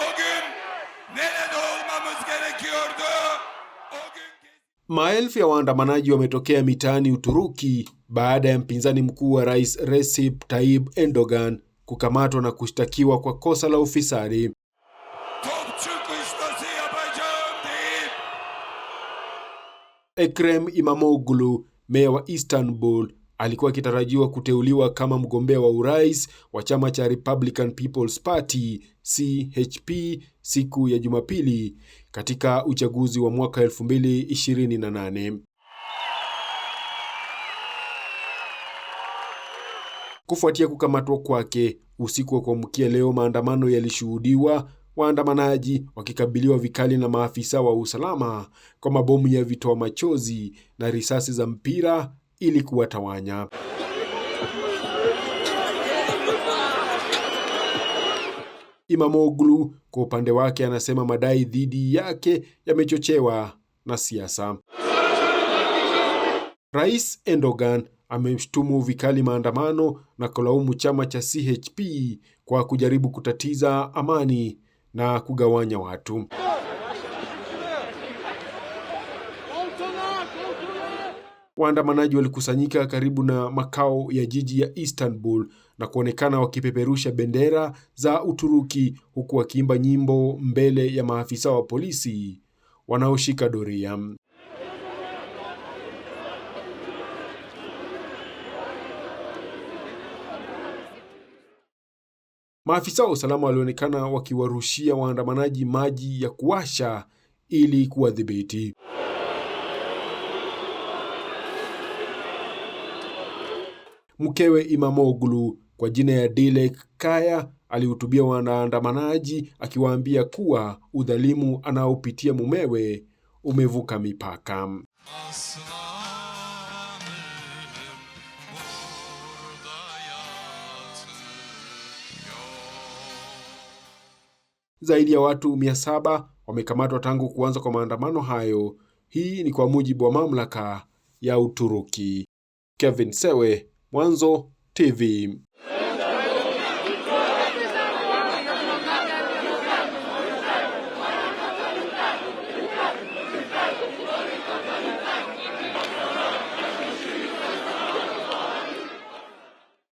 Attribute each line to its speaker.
Speaker 1: O gün nerede olmamız gerekiyordu? O gün... Maelfu ya waandamanaji wametokea mitaani Uturuki baada ya mpinzani mkuu wa rais Recep Tayyip Erdogan kukamatwa na kushtakiwa kwa kosa la ufisadi. Ekrem Imamoglu, meya wa Istanbul, alikuwa akitarajiwa kuteuliwa kama mgombea wa urais wa chama cha Republican People's Party CHP siku ya Jumapili katika uchaguzi wa mwaka 2028. Kufuatia kukamatwa kwake usiku wa kuamkia leo, maandamano yalishuhudiwa, waandamanaji wakikabiliwa vikali na maafisa wa usalama kwa mabomu ya vitoa machozi na risasi za mpira ili kuwatawanya. Imamoglu kwa upande wake anasema madai dhidi yake yamechochewa na siasa. Rais Erdogan ameshtumu vikali maandamano na kulaumu chama cha CHP kwa kujaribu kutatiza amani na kugawanya watu. Waandamanaji walikusanyika karibu na makao ya jiji ya Istanbul na kuonekana wakipeperusha bendera za Uturuki huku wakiimba nyimbo mbele ya maafisa wa polisi wanaoshika doria. Maafisa wa usalama walionekana wakiwarushia waandamanaji maji ya kuwasha ili kuwadhibiti. Mkewe Imamoglu kwa jina ya Dilek Kaya alihutubia wanaandamanaji akiwaambia kuwa udhalimu anaopitia mumewe umevuka mipaka. Zaidi ya watu mia saba wamekamatwa tangu kuanza kwa maandamano hayo. Hii ni kwa mujibu wa mamlaka ya Uturuki. Kevin Sewe, Mwanzo TV.